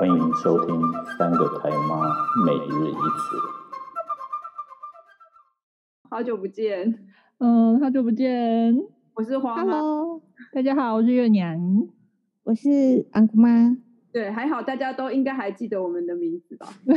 歡迎收聽《三個胎媽每日一詞》。好久不見。嗯，好久不見。我是花媽。Hello。大家好，我是月娘。我是安姑媽。對，還好大家都應該還記得我們的名字吧？ 沒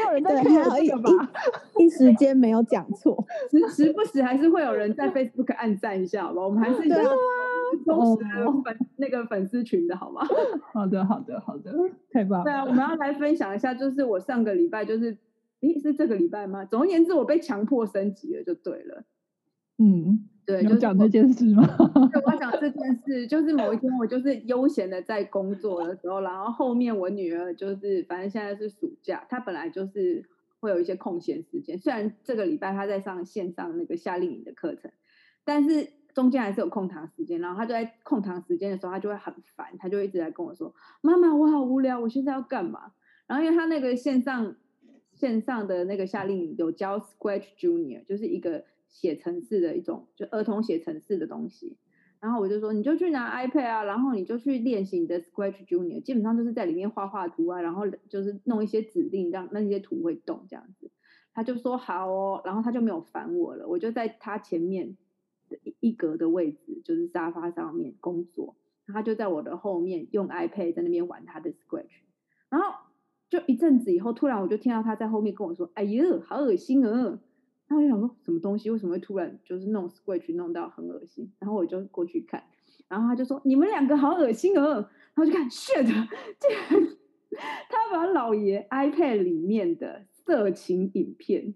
有人在看這個吧？ 一,一,一時間沒有講錯，時 時不時還是會有人在 Facebook 按讚一下，好不好？我們還是一的 都是我粉那個粉絲群的 oh, oh. 好嗎？好的，好的，好的，太棒了！對啊，我們要來分享一下，就是我上個禮拜，就是你、欸、是這個禮拜嗎？總而言之，我被強迫升級了，就對了。嗯，對，就講、是、這件事嗎？就我講這件事，就是某一天我就是悠閒的在工作的時候，然後後面我女兒就是，反正現在是暑假，她本來就是會有一些空閒時間，雖然這個禮拜她在上線上那個夏令營的課程，但是，中間還是有空堂時間，然後他就在空堂時間的時候，他就會很煩，他就一直在跟我說：“媽媽，我好無聊，我現在要幹嘛？”然後因為他那個線上線上的那個夏令營有教 Scratch Junior，就是一個寫程式的一種，就兒童寫程式的東西。然後我就說：“你就去拿 iPad 啊，然後你就去練習你的 Scratch Junior，基本上就是在裡面畫畫圖啊，然後就是弄一些指令，讓那些圖會動這樣子。”他就說：“好哦。”然後他就沒有煩我了，我就在他前面。一格的位置就是沙發上面工作，他就在我的後面用 iPad 在那邊玩他的 Scratch，然後就一陣子以後，突然我就聽到他在後面跟我說：“哎呦，好惡心哦、啊！”然後我就想說，什麼東西為什麼會突然就是弄 Scratch 弄到很惡心？然後我就過去看，然後他就說：“你們兩個好惡心哦、啊！”然後我就看，shit，竟然他把老爺 iPad 裡面的色情影片，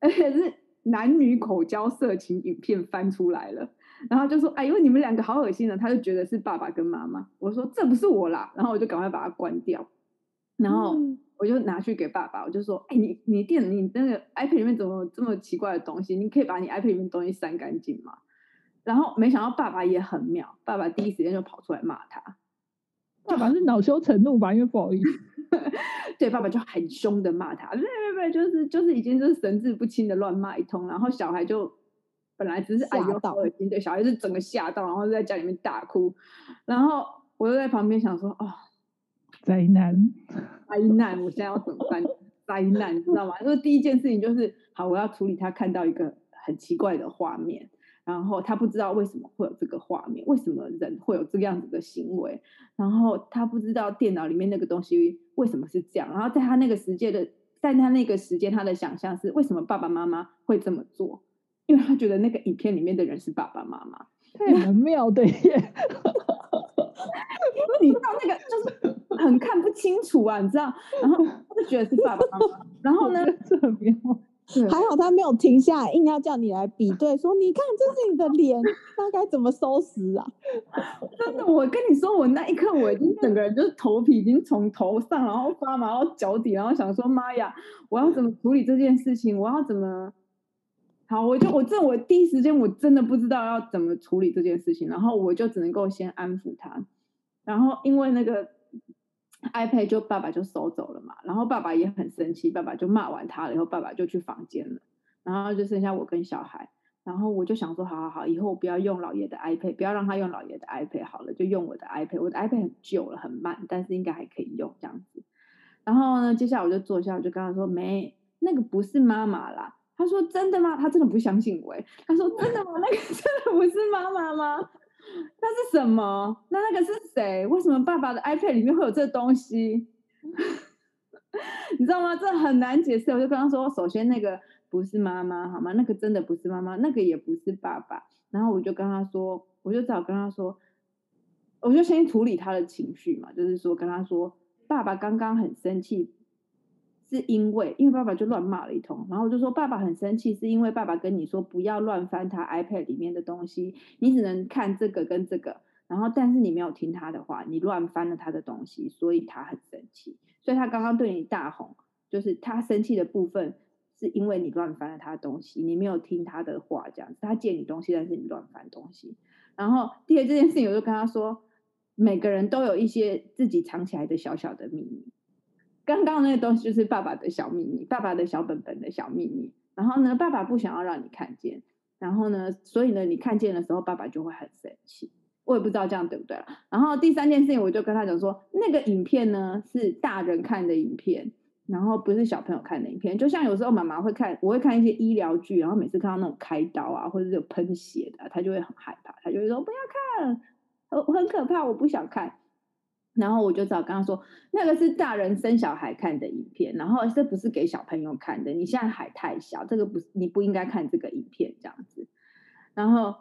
而且是。男女口交色情影片翻出來了，然後就說：“哎，因為你們兩個好惡心了、啊。”他就覺得是爸爸跟媽媽。我說：“這不是我啦。”然後我就趕快把它關掉，然後我就拿去給爸爸，我就說：“哎，你你電你那個 iPad 裡面怎麼有這麼奇怪的東西？你可以把你 iPad 裡面的東西刪乾淨嗎？”然後沒想到爸爸也很妙，爸爸第一時間就跑出來罵他。爸爸是惱羞成怒吧，因為不好意思， 對，爸爸就很凶的罵他，不不不，就是就是已經就是神志不清的亂罵一通，然後小孩就本來只是哎呦噁心，對，小孩就整個嚇到，然後就在家裡面大哭，然後我就在旁邊想說，哦，災難，災難，我現在要怎麼辦？災難， 災難你知道嗎？因為第一件事情就是，好，我要處理他看到一個很奇怪的畫面。然後他不知道為什麼會有這個畫面，為什麼人會有這個樣子的行為？然後他不知道電腦裡面那個東西為什麼是這樣。然後在他那個時間的，在他那個時間，他的想象是為什麼爸爸媽媽會這麼做？因為他覺得那個影片裡面的人是爸爸媽媽，很妙對不 你知道那個就是很看不清楚啊，你知道？然後他就覺得是爸爸媽媽，然後呢？對還好他沒有停下來，硬要叫你來比對，說你看這是你的臉， 那該怎麼收拾啊？真的，我跟你說，我那一刻我已經整個人就是頭皮已經從頭上，然後發麻到腳底，然後想說媽呀，我要怎麼處理這件事情？我要怎麼好？我就我這我第一時間我真的不知道要怎麼處理這件事情，然後我就只能夠先安撫他，然後因為那個。iPad 就爸爸就收走了嘛，然後爸爸也很生氣，爸爸就罵完他了以後，爸爸就去房間了，然後就剩下我跟小孩，然後我就想說，好好好，以後我不要用老爺的 iPad，不要讓他用老爺的 iPad，好了，就用我的 iPad，我的 iPad 很久了，很慢，但是應該還可以用這樣子。然後呢，接下來我就坐下，我就跟他說，沒，那個不是媽媽啦。他說真的嗎？他真的不相信我欸。他說真的嗎？那個真的不是媽媽嗎？那是什麼？那那個是誰？為什麼爸爸的 iPad 裡面會有這東西？ 你知道嗎？這很難解釋。我就跟他說，首先那個不是媽媽，好嗎？那個真的不是媽媽，那個也不是爸爸。然後我就跟他說，我就只好跟他說，我就先處理他的情緒嘛，就是說跟他說，爸爸剛剛很生氣。是因為，因為爸爸就亂罵了一通，然後就說爸爸很生氣，是因為爸爸跟你說不要亂翻他 iPad 裡面的東西，你只能看這個跟這個，然後但是你沒有聽他的話，你亂翻了他的東西，所以他很生氣，所以他剛剛對你大吼，就是他生氣的部分是因為你亂翻了他的東西，你沒有聽他的話，這樣子他借你東西，但是你亂翻東西，然後，第二這件事情，我就跟他說，每個人都有一些自己藏起來的小小的秘密。剛剛那個東西就是爸爸的小秘密，爸爸的小本本的小秘密。然後呢，爸爸不想要讓你看見。然後呢，所以呢，你看見的時候，爸爸就會很生氣。我也不知道這樣對不對。然後第三件事情，我就跟他講說，那個影片呢，是大人看的影片，然後不是小朋友看的影片。就像有時候媽媽會看，我會看一些醫療劇，然後每次看到那種開刀啊，或者是有噴血的啊，他就會很害怕，他就會說不要看，我很可怕，我不想看。然後我就找剛剛說，那個是大人生小孩看的影片，然後這不是給小朋友看的。你現在還太小，這個不是你不應該看這個影片這樣子。然後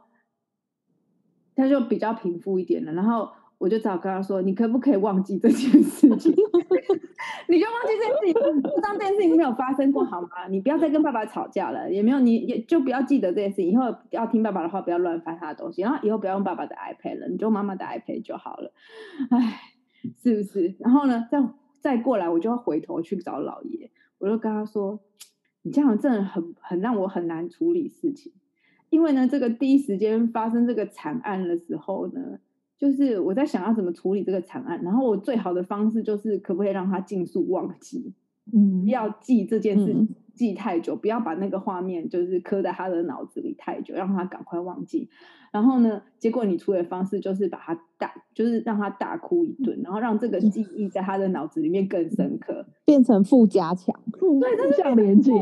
他就比較平復一點了。然後我就找跟他說：“你可不可以忘記這件事情？ 你就忘記這件事情，當這件事情沒有發生過好嗎？你不要再跟爸爸吵架了，也沒有你也就不要記得這件事情。以後要聽爸爸的話，不要亂翻他的東西。然後以後不要用爸爸的 iPad 了，你就媽媽的 iPad 就好了。唉”哎。是不是？然後呢，再再過來，我就要回頭去找老爺。我就跟他說：“你這樣真的很很讓我很難處理事情，因為呢，這個第一時間發生這個慘案的時候呢，就是我在想要怎麼處理這個慘案。然後我最好的方式就是，可不可以讓他盡速忘記，不要記這件事情。嗯”記太久，不要把那個畫面就是刻在他的腦子裡太久，讓他趕快忘記。然後呢，結果你出的方式就是把他打，就是讓他大哭一頓，嗯、然後讓這個記憶在他的腦子裡面更深刻，變成負加強。對，負加強是小連接，那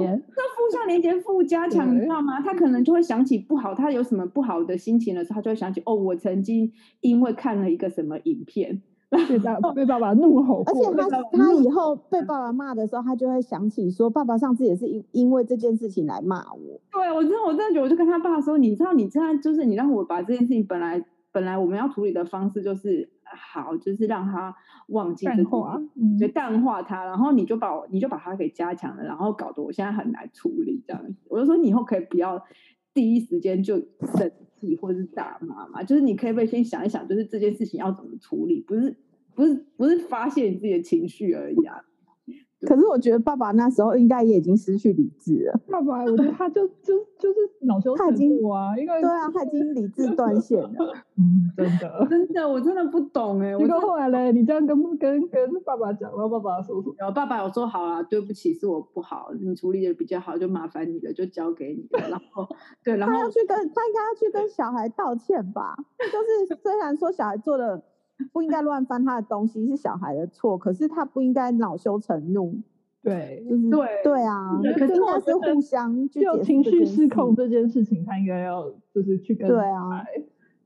負向連接負加強，你知道嗎？他可能就會想起不好，他有什麼不好的心情的時候，他就會想起哦，我曾經因為看了一個什麼影片。 被爸爸怒吼，而且他爸爸他以後被爸爸罵的時候，他就會想起說，爸爸上次也是因因為這件事情來罵我。對我真的我真的覺得，我就跟他爸說，你知道你這樣就是你讓我把這件事情本來本來我們要處理的方式就是好，就是讓他忘記之後啊，就淡,化淡化他，然後你就把我你就把他給加強了，然後搞得我現在很難處理這樣子。我就說你以後可以不要第一時間就生氣或者是打媽媽，就是你可以不可以先想一想，就是這件事情要怎麼處理，不是？不是不是發洩你自己的情緒而已啊！可是我覺得爸爸那時候應該也已經失去理智了。爸爸，我覺得他就就就是惱羞成怒啊，應該。因為，對啊，他已經理智斷線了。嗯， 真的， 真的，我真的不懂哎、欸。結果後來嘞，你這樣跟不跟跟爸爸講了？爸爸有說：“然後爸爸，我說好啊，對不起，是我不好，你處理的比較好，就麻煩你了，就交給你了。” 然後對，然後他要去跟他應該要去跟小孩道歉吧。 就是雖然說小孩做的。 不應該亂翻他的東西是小孩的錯，可是他不應該惱羞成怒。對，就是對，對啊。對可是應該是互相就情緒失控這件事情，他應該要就是去跟小孩，對啊，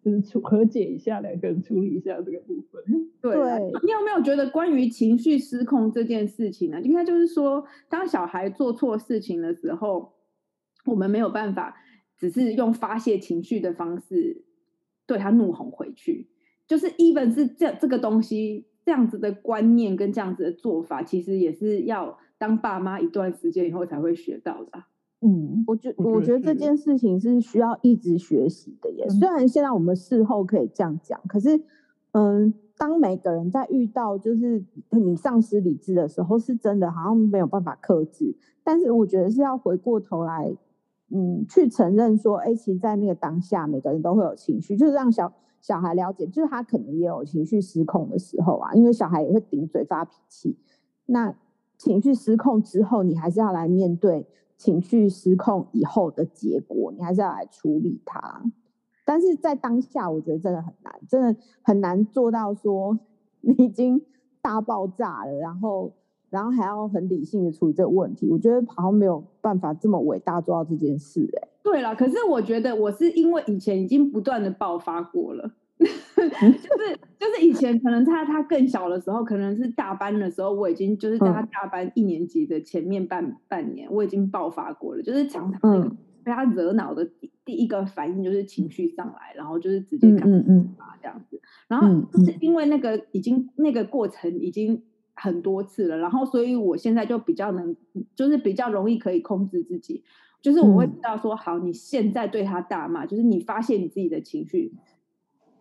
就是處和解一下，兩個人處理一下這個部分。對、啊，對你有沒有覺得關於情緒失控這件事情呢、啊？應該就是說，當小孩做錯事情的時候，我們沒有辦法只是用發洩情緒的方式對他怒吼回去。就是 even 是這這個東西這樣子的觀念跟這樣子的做法，其實也是要當爸媽一段時間以後才會學到的。嗯，我覺我覺得這件事情是需要一直學習的耶。Mm hmm. 雖然現在我們事後可以這樣講，可是，嗯，當每個人在遇到就是嗯、你喪失理智的時候，是真的好像沒有辦法克制。但是我覺得是要回過頭來，嗯，去承認說，哎、欸，其實在那個當下，每個人都會有情緒，就是讓小小孩了解，就是他可能也有情緒失控的時候啊，因為小孩也會頂嘴發脾氣。那情緒失控之後，你還是要來面對情緒失控以後的結果，你還是要來處理它。但是在當下，我覺得真的很難，真的很難做到說你已經大爆炸了，然後然後還要很理性的處理這個問題。我覺得好像沒有辦法這麼偉大做到這件事、欸，誒。對了，可是我覺得我是因為以前已經不斷的爆發過了， 就是就是以前可能他他更小的時候，可能是大班的時候，我已經就是在他大班一年級的、嗯、前面半半年，我已經爆發過了，就是常常被他惹惱的第一個反應就是情緒上來，嗯、然後就是直接感、啊嗯。嗯嗯啊這樣子，然後就是因為那個已經那個過程已經很多次了，然後所以我現在就比較能，就是比較容易可以控制自己。就是我會知道說、嗯、好，你現在對他大罵，就是你發泄你自己的情緒，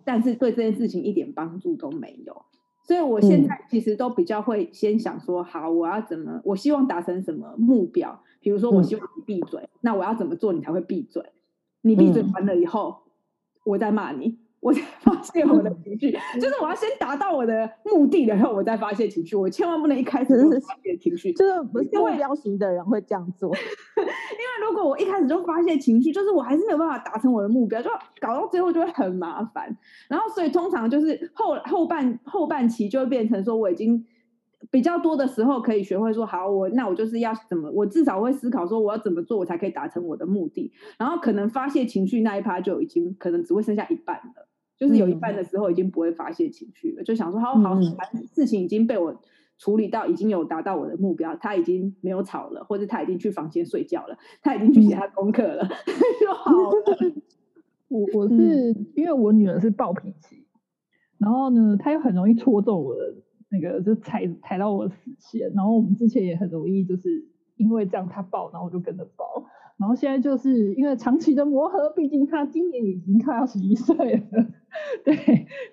但是對這件事情一點幫助都沒有。所以我現在其實都比較會先想說好，我要怎麼？我希望達成什麼目標？比如說，我希望你閉嘴，嗯、那我要怎麼做你才會閉嘴？你閉嘴完了以後，嗯、我再罵你，我再發泄我的情緒。嗯、 就是我要先達到我的目的，然後我再發泄情緒。我千萬不能一開始就是發泄情緒，就是目標型的人會這樣做。 如果我一開始就發泄情緒，就是我還是沒有辦法達成我的目標，就搞到最後就會很麻煩。然後，所以通常就是後後半後半期就會變成說，我已經比較多的時候可以學會說，好，我那我就是要怎麼，我至少會思考說，我要怎麼做，我才可以達成我的目的。然後可能發泄情緒那一趴就已經可能只會剩下一半了，就是有一半的時候已經不會發泄情緒了，就想說，好，好，事情已經被我。處理到已經有達到我的目標，他已經沒有吵了，或者他已經去房間睡覺了，他已經去寫他功課了就、嗯、 好了。 我我是、嗯、因為我女兒是暴脾氣，然後呢，他又很容易戳中我的那個，就踩踩到我的死穴。然後我們之前也很容易就是因為這樣他暴，然後我就跟着暴。然後現在就是因為長期的磨合，畢竟他今年已經快要十一歲了。對，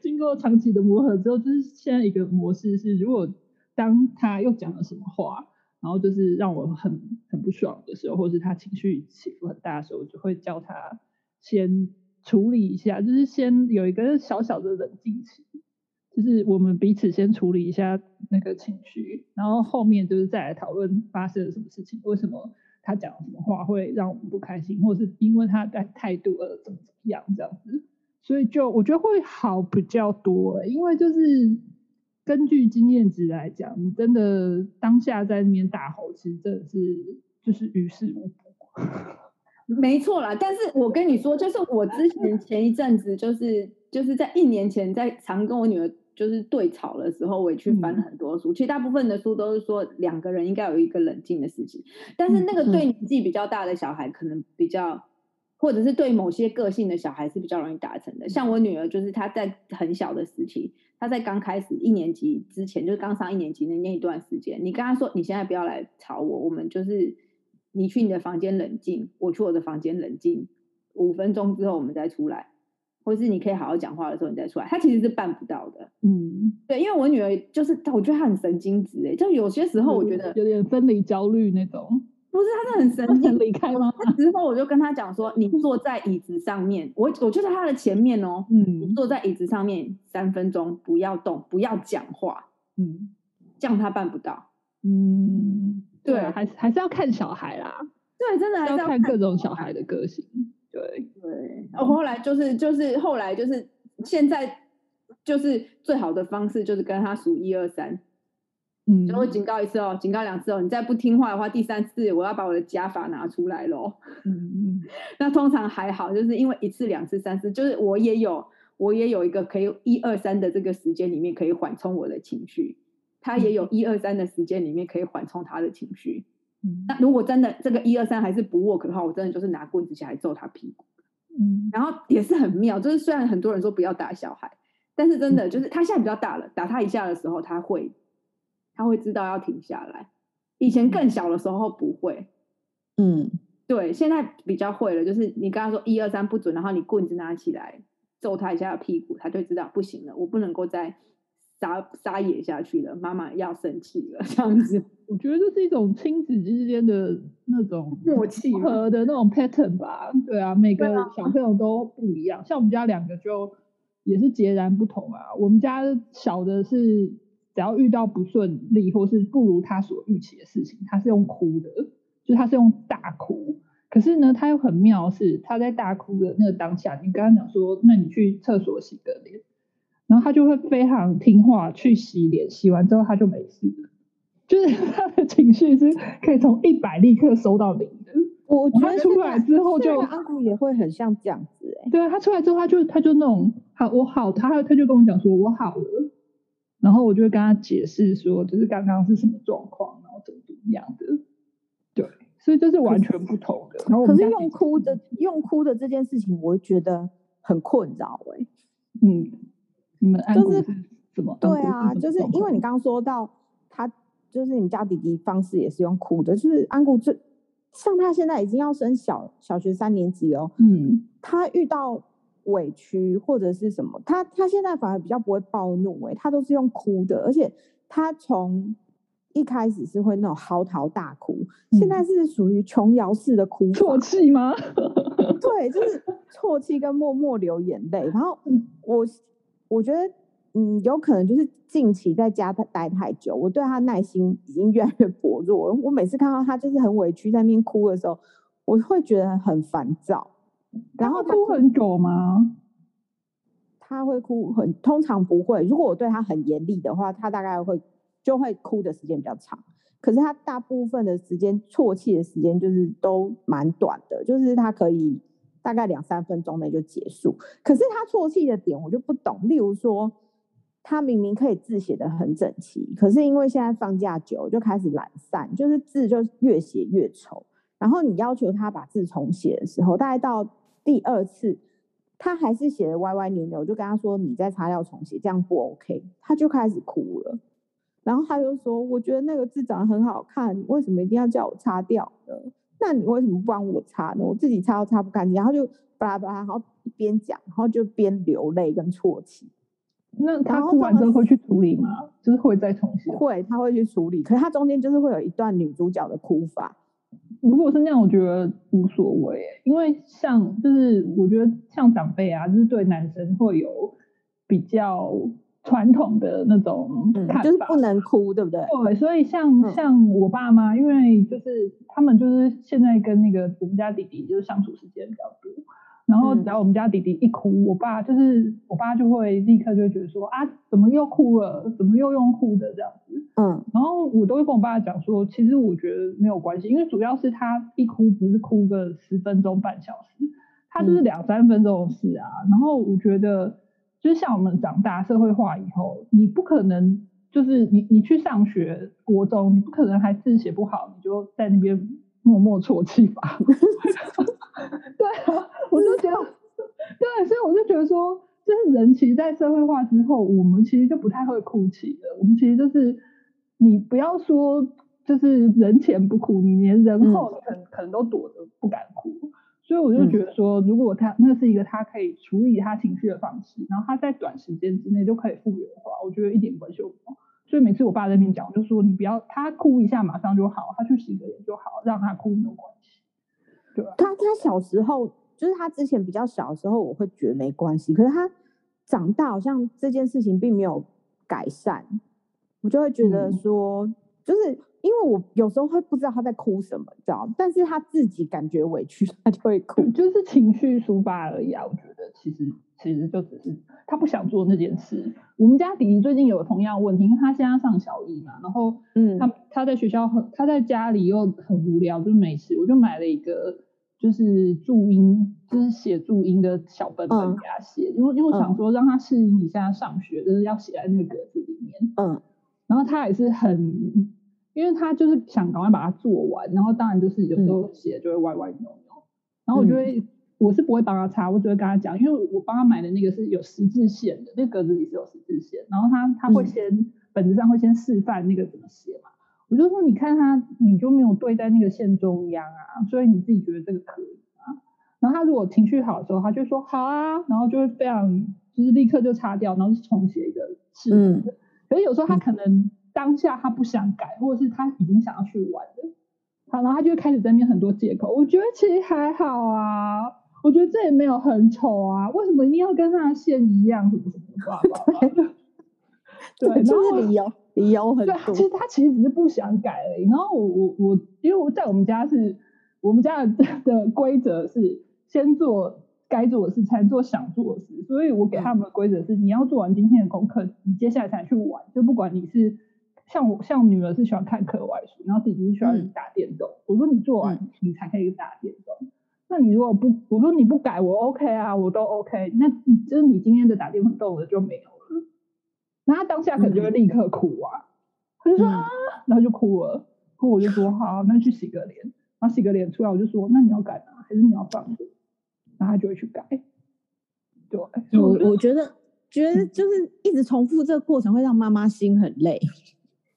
經過長期的磨合之後，就是現在一個模式是如果。當他又講了什麼話，然後就是讓我很很不爽的時候，或是他情緒起伏很大的時候，我就會叫他先處理一下，就是先有一個小小的冷靜期，就是我們彼此先處理一下那個情緒，然後後面就是再來討論發生了什麼事情，為什麼他講什麼話會讓我們不開心，或者是因為他的態度而怎麼怎麼樣這樣子，所以就我覺得會好比較多，欸，因為就是。根據經驗值來講，你真的當下在那邊大吼，其實真的是就是於事無補。沒錯啦，但是我跟你說，就是我之前前一陣子，就是就是在一年前，在常跟我女兒就是對吵的時候，我也去翻了很多書。嗯、其實大部分的書都是說兩個人應該有一個冷靜的事情，但是那個對年紀比較大的小孩，可能比較。或者是對某些個性的小孩是比較容易達成的，像我女兒就是，她在很小的時期，她在剛開始一年級之前，就是剛上一年級的那一段時間，你跟她說你現在不要來吵我，我們就是你去你的房間冷靜，我去我的房間冷靜，五分鐘之後我們再出來，或是你可以好好講話的時候你再出來，她其實是辦不到的，嗯，對，因為我女兒就是我覺得她很神經質哎，就有些時候我覺得、嗯、有點分離焦慮那種。不是，他是很神經離開嗎？那之後我就跟他講說，你坐在椅子上面，我我就在他的前面哦，嗯，坐在椅子上面三分鐘，不要動，不要講話，嗯，這樣他辦不到，嗯，對，還是還是要看小孩啦，對，真的還是要看，是要看各種小孩的個性，對對。哦，後後來就是就是後來就是現在就是最好的方式就是跟他數一二三。就會警告一次哦，嗯、警告兩次哦，你再不聽話的話，第三次我要把我的家法拿出來咯。嗯，那通常還好，就是因為一次、兩次、三次，就是我也有我也有一個可以一二三的這個時間裡面可以緩衝我的情緒，他也有一二三的時間裡面可以緩衝他的情緒。嗯、那如果真的這個一二三還是不 work 的話，我真的就是拿棍子起來揍他屁股。嗯，然後也是很妙，就是雖然很多人說不要打小孩，但是真的、嗯、就是他現在比較大了，打他一下的時候他會。他會知道要停下來，以前更小的時候不會，嗯，對，現在比較會了。就是你跟他說一二三不准，然後你棍子拿起來揍他一下屁股，他就知道不行了，我不能夠再撒撒野下去了，媽媽要生氣了。這樣子，我覺得這是一種親子之間的那種默契合和的那種 pattern 吧？對啊，每個小朋友都不一樣，嗎像我們家兩個就也是截然不同啊。我們家小的是。只要遇到不順利或是不如他所預期的事情，他是用哭的，就是他是用大哭。可是呢，他又很妙的是，是他在大哭的那個當下，你跟他講說：“那你去廁所洗個臉。”然後他就會非常聽話去洗臉，洗完之後他就沒事了，就是他的情緒是可以從一百立刻收到零的。我覺得出來之後就，是的，就也會很像這樣子，欸。對啊，他出來之後，他就他就那種好我好，他他就跟我講說：“我好了。”然後我就會跟他解釋說，就是剛剛是什麼狀況，然後怎麼怎麼樣的，對，所以這是完全不同的。可是用哭的，用哭的這件事情，我覺得很困擾哎、欸。嗯，你們安古是什麼就是怎麼？對啊，是就是因為你剛剛說到他，就是你們家弟弟方式也是用哭的，就是安古最像他現在已經要升小小學三年級了、哦。嗯，他遇到。委屈或者是什麼，他他現在反而比較不會暴怒、欸，哎，他都是用哭的，而且他從一開始是會那種嚎啕大哭，嗯、現在是屬於瓊瑤式的哭，啜泣棄嗎？ 對，就是啜泣跟默默流眼淚。然後我我覺得，嗯，有可能就是近期在家待待太久，我對他耐心已經越來越薄弱。我每次看到他就是很委屈在那邊哭的時候，我會覺得很煩躁。然後，然後哭很久嗎？他會哭很，通常不會。如果我對他很嚴厲的話，他大概會就會哭的時間比較長。可是他大部分的時間啜泣的時間就是都蠻短的，就是他可以大概兩三分鐘內就結束。可是他啜泣的點我就不懂。例如說，他明明可以字寫得很整齊，可是因為現在放假久就開始懶散，就是字就越寫越醜。然後你要求他把字重寫的時候，大概到。第二次，他還是寫的歪歪扭扭，我就跟他說：“你再擦掉重寫，這樣不 OK。”他就開始哭了，然後他就說：“我覺得那個字長得很好看，你為什麼一定要叫我擦掉呢？那你為什麼不幫我擦呢？我自己擦都擦不乾淨。”然後就巴拉巴拉，然後邊講，然後就邊流淚跟啜泣。那他哭完之後會去處理嗎？就是會再重寫？會，他會去處理。可是他中間就是會有一段女主角的哭法。如果是那樣，我覺得無所謂、欸，因為像就是我覺得像長輩啊，就是對男生會有比較傳統的那種看法，嗯、就是不能哭，對不對？對，所以像像我爸媽，因為就是他們就是現在跟那個我們家弟弟就是相處時間比較多。然後只要我們家弟弟一哭，嗯、我爸就是我爸就會立刻就會覺得說啊，怎麼又哭了？怎麼又用哭的這樣子？嗯，然後我都會跟我爸爸講說，其實我覺得沒有關係，因為主要是他一哭不是哭個十分鐘半小時，他就是兩三分鐘的事啊。嗯、然後我覺得，就是像我們長大社會化以後，你不可能就是你你去上學，國中你不可能還字寫不好，你就在那邊默默啜泣吧。 對啊。我就覺得，對，所以我就覺得說，就是人其實，在社會化之後，我們其實就不太會哭泣了。我們其實就是，你不要說就是人前不哭，你連人後你可能都躲着不敢哭。嗯、所以我就覺得說，如果他那是一個他可以處理他情緒的方式，然後他在短時間之內就可以復原的話，我覺得一點關係都沒有。所以每次我爸在那邊講，我就說你不要他哭一下馬上就好，他去洗個臉就好，讓他哭沒有關係。對，他他小時候。就是他之前比較小的時候，我會覺得沒關係。可是他長大，好像這件事情並沒有改善，我就會覺得說，嗯、就是因為我有時候會不知道他在哭什麼，你知道嗎？但是他自己感覺委屈，他就會哭，就是情緒抒發而已啊。我覺得其實其實就只是他不想做那件事。我們家弟弟最近有同樣問題，因為他現在上小一嘛，然後嗯，他他在學校很，他在家裡又很無聊，就是沒事，我就買了一個。就是注音，就是寫注音的小本本給他寫，嗯、因為因為我想說讓他適應一下上學，就是要寫在那個格子裡面。嗯，然後他也是很，因為他就是想趕快把它做完，然後當然就是有時候寫就會歪歪扭扭。嗯、然後我就會，我是不會幫他擦，我只會跟他講，因為我幫他買的那個是有十字線的，那格子裡是有十字線，然後他他會先、嗯、本子上會先示範那個怎麼寫嘛。我就說，你看他，你就沒有對在那個線中央啊，所以你自己覺得這個可以啊。然後他如果情緒好的時候，他就說好啊，然後就會非常就是立刻就擦掉，然後是重寫一個是，的、嗯。可是有時候他可能當下他不想改，嗯、或者是他已經想要去玩的。好，然後他就會開始在那邊很多借口。我覺得其實還好啊，我覺得這也沒有很醜啊，為什麼一定要跟他的線一樣，什麼什麼的，話話話對， 對，對，然後就是理由。有很對，其實他其實只是不想改而已。然後我我我，因為我在我們家是，我們家的的規則是先做該做的事，才做想做的事。所以我給他們的規則是，嗯、你要做完今天的功課，你接下來才來去玩。就不管你是像我像我女兒是喜歡看課外書，然後弟弟是喜歡打電動，嗯、我說你做完你才可以打電動。嗯、那你如果不我說你不改我 OK 啊，我都 OK 那。那就是你今天的打電動的就沒有。那他當下可能就會立刻哭啊，嗯、他就說啊，嗯、然後就哭了。然後我就說好，那去洗個臉。然後洗個臉出來，我就說那你要改啊，還是你要放？然後他就會去改。對，我我,我覺得覺得就是一直重複這個過程會讓媽媽心很累。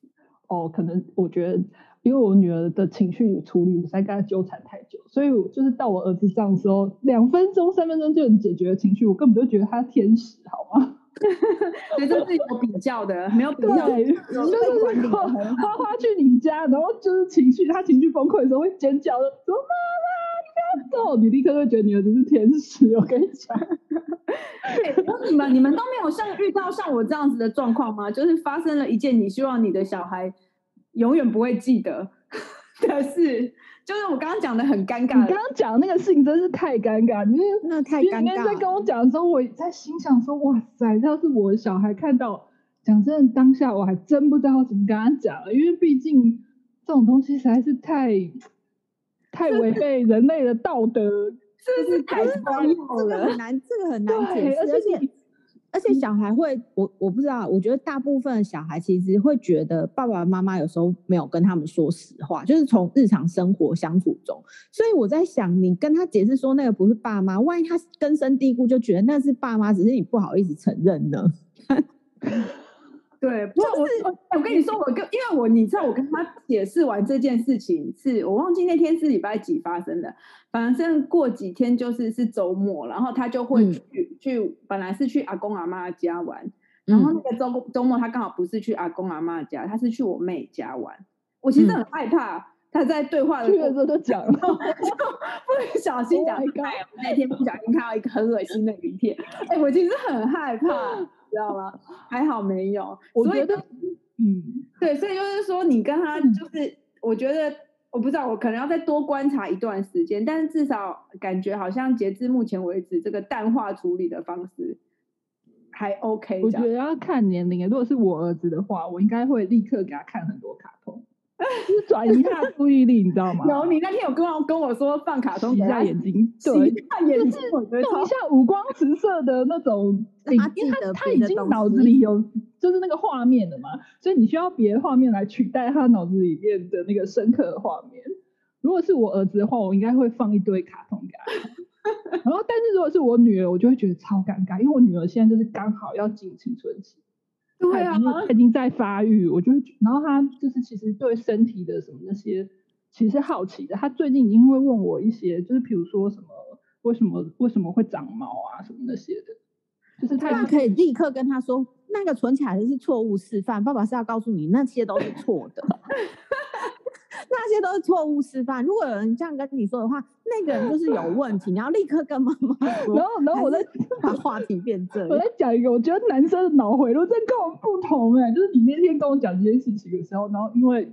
嗯、哦，可能我覺得因為我女兒的情緒有處理，我才跟她糾纏太久。所以，我就是到我兒子這樣時候，兩分鐘、三分鐘就能解決的情緒，我根本就覺得她天使，好嗎？對， 所以這是有比較的， 沒有比較的，就是如果花說花去你家， 然後就是情緒，他情緒崩潰的時候會尖叫，說媽媽，你不要走！ 你，立刻就覺得你兒子是天使。我跟你講，對、 欸，你，你們你們都沒有像遇到像我這樣子的狀況嗎？就是發生了一件你希望你的小孩永遠不會記得的事。 但是就是我剛剛講的很尷尬，你剛剛講的那個事情真的是太尷尬，因為那太尷尬。你剛剛在跟我講的時候，我在心想說：“哇塞，要是我小孩看到，講真的，當下我還真不知道怎麼跟他講，因為畢竟這種東西實在是太，太違背人類的道德，這 是太了。 這個很難，這個很難解釋，而且…… 而且小孩會，我我不知道，我覺得大部分的小孩其實會覺得爸爸媽媽有時候沒有跟他們說實話，就是從日常生活相處中。所以我在想，你跟他解釋說那個不是爸媽，萬一他根深蒂固就覺得那是爸媽，只是你不好意思承認呢。 對，不是。不是我，我跟你說，你我跟因為我你知道，我跟他解釋完這件事情是，是我忘記那天是禮拜幾發生的，反正過幾天就是是周末然後他就會去、嗯、去，本來是去阿公阿嬤家玩，然後那個周、嗯、周末他剛好不是去阿公阿嬤家，他是去我妹家玩，我其實很害怕。嗯他在對話的時候都講了，不小心講一個。我,我有 那天不小心看到一個很噁心的影片， 哎、欸，我其實很害怕， 知道嗎？還好沒有。所以我覺得，嗯，對，所以就是說，你跟他就是，嗯、我覺得，我不知道，我可能要再多觀察一段時間。但是至少感覺好像截至目前為止，這個淡化處理的方式還 OK。我覺得要看年齡，如果是我兒子的話，我應該會立刻給他看很多卡。哎，就是轉移一下注意力，你知道嗎？ 然後你那天有跟跟我說放卡通洗一、啊、下、啊、眼睛，對，一下、啊、眼睛，弄一下五光十色的那種，因為他他已經腦子裡有就是那個畫面了嘛，所以你需要別的畫面來取代他腦子裡面的那個深刻的畫面。如果是我兒子的話，我應該會放一堆卡通給他，然後，但是如果是我女兒，我就會覺得超尷尬，因為我女兒現在就是剛好要進青春期。對啊，他已經在發育，我就然後他就是其實對身體的什麼那些，其實好奇的。他最近一定會問我一些，就是比如說什麼，為什麼為什麼會長毛啊，什麼那些的，就是他，他可以立刻跟他說，那個存起來的是錯誤示範，爸爸是要告訴你，那些都是錯的。 那些都是錯誤示範。如果有人這樣跟你說的話，那個人就是有問題。你要立刻跟媽媽說。然後，然後我在把話題變正。 我再講一個，我覺得男生的腦回路真的跟我不同哎、欸，就是你那天跟我講這件事情的時候，然後因為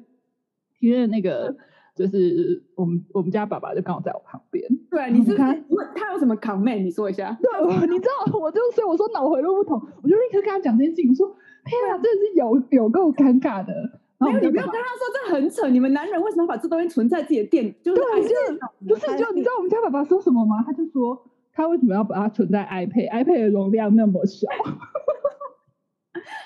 因為那個就是我們我們家爸爸就剛好在我旁邊。對，你是,是他，你問他有什麼 comment？你說一下。對，你知道我就所以我說腦回路不同，我就立刻跟他講這件事情。我說天啊，對真的是有有夠尷尬的。哦、沒有，你不要跟他說，爸爸這很蠢。你們男人為什麼把這東西存在自己的電對、就是？就是是，就你知道我們家爸爸說什麼嗎？他就說他為什麼要把它存在 iPad？iPad 的容量那麼小。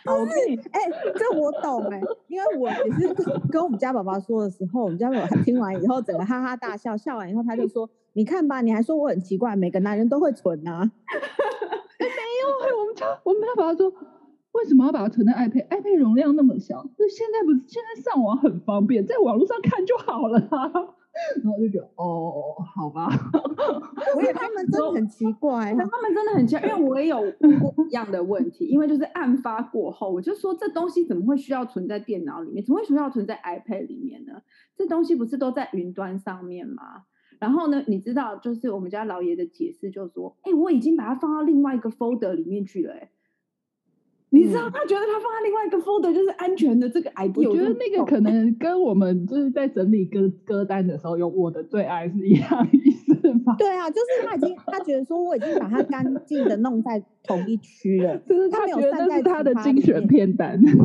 不 是、嗯，哎、欸，這我懂哎、欸，因為我也是跟我們家爸爸說的時候，我們家爸爸聽完以後，整個哈哈大笑,， 笑完以後他就說：“ 你看吧，你還說我很奇怪，每個男人都會存啊。 欸”沒有，欸、我們家我們家爸爸說。為什麼要把它存在 iPad？iPad 容量那麼小，就現在不是現在上網很方便，在網絡上看就好了。然後我就覺得哦，好吧，我也他們真的很奇怪，so, 他們真的很奇怪，嗯、因為我也有過一樣的問題。 因為就是案發過後，我就說這東西怎麼會需要存在電腦裡面？為什麼要存在 iPad 裡面呢？這東西不是都在雲端上面嗎？然後呢，你知道，就是我們家老爺的解釋，就說：“哎、欸，我已經把它放到另外一個 folder 裡面去了、欸。”哎。你知道他覺得他放在另外一個 folder 就是安全的這個 idea，、嗯、我覺得那個可能跟我們就是在整理歌歌單的時候有我的最愛是一樣意思吧。對啊，就是他已經他覺得說我已經把它乾淨的弄在同一區了， 就是他沒有這是，是他的精選片單 對、啊。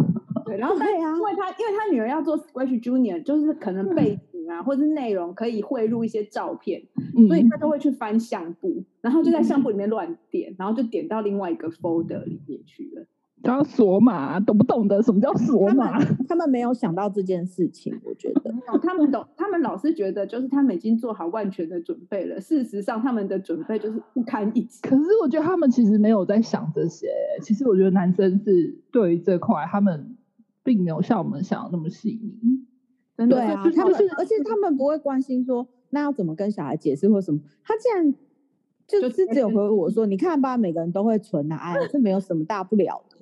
對，然後但因為他因為他女兒要做 Scratch Junior，就是可能背景啊、嗯、或者內容可以匯入一些照片，嗯、所以他都會去翻相簿，然後就在相簿裡面亂點，然後就點到另外一個 folder 裡面去了。叫鎖碼，懂不懂得什麼叫鎖碼他？他們沒有想到這件事情，我覺得。沒有，他們懂，他們老是覺得，就是他們已經做好萬全的準備了。事實上，他們的準備就是不堪一擊。可是我覺得他們其實沒有在想這些。其實我覺得男生是對於這塊他們並沒有像我們想那麼細膩。真的，對啊、他們、就是， 而且他們不會關心說那要怎麼跟小孩解釋或什麼。他竟然就是只有回我說：“ 你看吧，每個人都會存啊，啊，啊，哎，這沒有什麼大不了的。”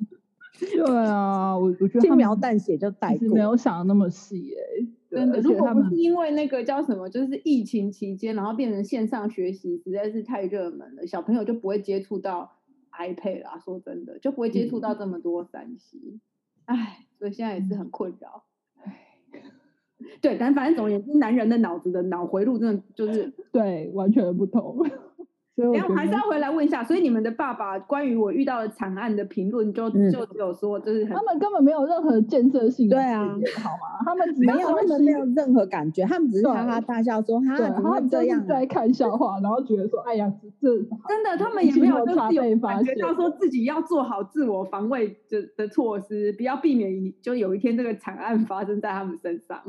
對啊，我我覺得輕描淡寫就帶過，沒有想的那麼細誒、欸。真的，如果不是因為那個叫什麼，就是疫情期間，然後變成線上學習，實在是太熱門了，小朋友就不會接觸到 iPad 啦，說真的，就不會接觸到這麼多 3C。哎，所以現在也是很困擾。唉，對，但反正，總而言之， 男人的腦子的腦迴路真的就是對，完全不同。然後還是要回來問一下，所以你們的爸爸關於我遇到的慘案的評論，就、嗯、就只有說，就是他們根本沒有任何建設性的，對啊，好嗎？他們沒有，他們沒有任何感覺，他們只是哈哈大笑說，他們、啊對啊、這樣、啊、在看笑話，對然後覺得說，哎呀，這真的，他們也沒有就是有感覺到說自己要做好自我防衛的的措施，不要避免就有一天這個慘案發生在他們身上。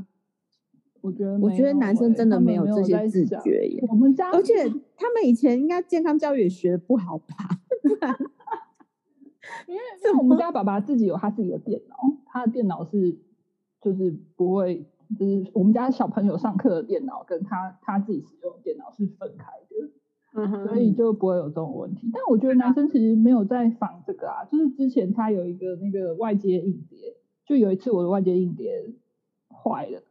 我覺得、欸，我覺得男生真的沒有這些自覺耶。們，我們家，而且他們以前應該健康教育也學不好吧。因 為我們家爸爸自己有他自己的電腦，他的電腦是就是不會，就是我們家小朋友上課的電腦跟他他自己使用的電腦是分開的，嗯、哼所以就不會有這種問題。但我覺得男生其實沒有在防這個啊，就是之前他有一個那個外接硬碟，就有一次我的外接硬碟壞了。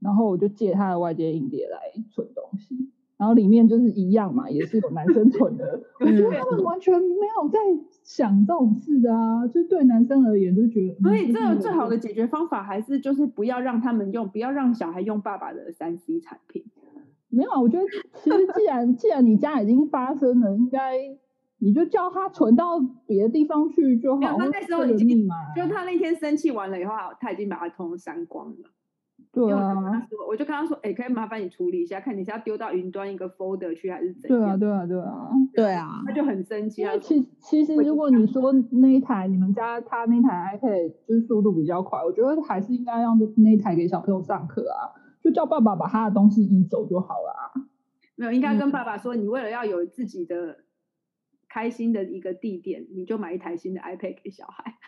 然後我就借他的外接硬碟來存東西，然後裡面就是一樣嘛，也是有男生存的。 我覺得他們完全沒有在想這種事的啊，就對男生而言都覺得。所以，最、嗯、最好的解決方法還是就是不要讓他們用，不要讓小孩用爸爸的三 C 產品。沒有，我覺得其實既然既然你家已經發生了， 應該你就叫他存到別的地方去就好，好了好，好了。他那時候已經，就他那天生氣完了以後，他已經把他通通刪光了。對啊我，我就跟他說，哎、欸，可以麻煩你處理一下，看你是要丟到雲端一個 folder 去還是怎樣，啊？對啊，對啊，對啊，對啊，他就很生氣啊。其說其實，如果你說那一台對你們家他那台 iPad 就是速度比較快，我覺得還是應該讓那一台給小朋友上課啊，就叫爸爸把他的東西移走就好了啊。沒有，應該跟爸爸說，你為了要有自己的開心的一個地點，你就買一台新的 iPad 給小孩。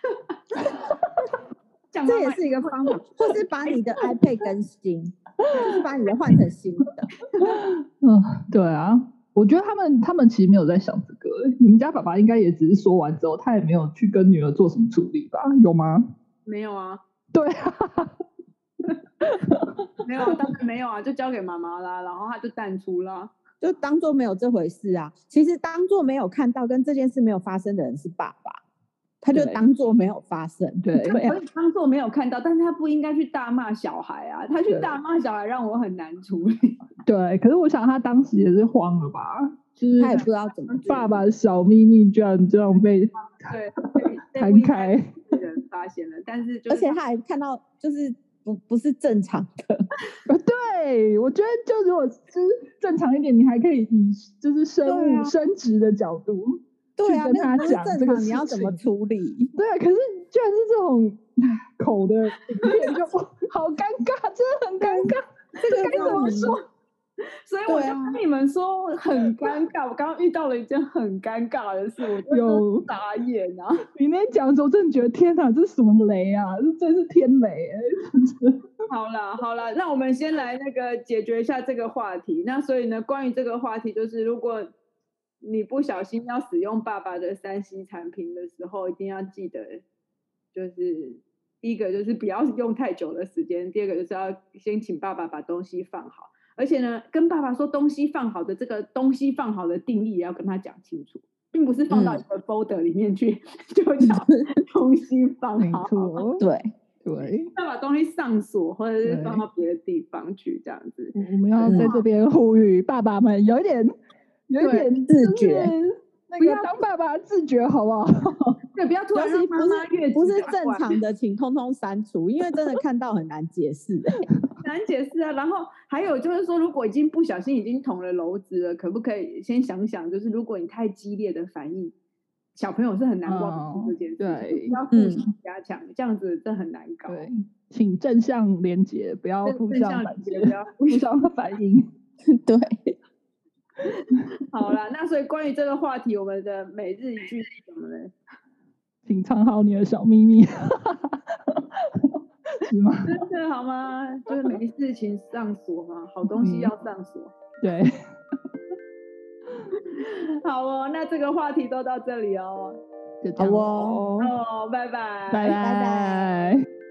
媽媽也這也是一個方法，就是把你的 iPad 更新，就是把你的換成新的。嗯，對啊，我覺得他們他們其實沒有在想這個欸。你們家爸爸應該也只是說完之後，他也沒有去跟女兒做什麼處理吧？有嗎？沒有啊，對啊， 沒有啊，當然沒有啊，就交給媽媽啦，然後他就淡出了，就當做沒有這回事啊。其實，當做沒有看到跟這件事沒有發生的人是爸爸。他就當作沒有發生，對，對可以當作沒有看到，對但是他不應該去大罵小孩啊，對他去大罵小孩讓我很難處理。對，可是我想他當時也是慌了吧，就是他也不知道怎麼辦，爸爸的小秘密居然這樣被對攤開，被人發現了，但是，是而且他還看到就是不不是正常的， 對，我覺得就如果就是正常一點，你還可以以就是生物生殖的角度。對啊，跟他講這個你要怎麼處理？對啊，可是居然是這種口的，就好尷尬， 真的很尷尬，這個該怎麼說？ 所以我就跟你們說很尷尬，我剛剛遇到了一件很尷尬的事，我有打眼啊！裡面講的時候，我真的覺得天哪、啊，這是什麼雷啊？真是天雷欸 好啦！好了好了，那我們先來那個解決一下這個話題。那所以呢，關於這個話題，就是如果。你不小心要使用爸爸的三 C 產品的時候，一定要記得，就是第一個就是不要用太久的時間，第二個就是要先請爸爸把東西放好，而且呢，跟爸爸說東西放好的這個東西放好的定義也要跟他講清楚，並不是放到一個 folder 裡面去、嗯、 就講東西放好，對、嗯、吧對，對要把東西上鎖或者是放到別的地方去這樣子。對我們要在這邊呼籲爸爸們有一點。有點對自覺，那要當爸爸的自覺好不好？不要 對，不要突然不是不是正常的，請通通刪除， 因為真的看到很難解釋，欸，難解釋啊。然後還有就是說，如果已經不小心已經捅了婁子了，可不可以先想想？就是如果你太激烈的反應，小朋友是很難忘記這件事。哦、對，不要互相加強，嗯、這樣子，這很難搞。請正向連接，不要互相連接，不要互相反應。正正反應 對。 好了，那所以關於這個話題，我們的每日一句是什麼呢？請藏好你的小秘密， 是嗎？真的好嗎？ 就是沒事情上鎖嘛，好東西要上鎖、嗯。對。 好哦，那這個話題都到這裡哦，好哦？哦，拜拜、哦，拜拜、oh,。Bye. bye bye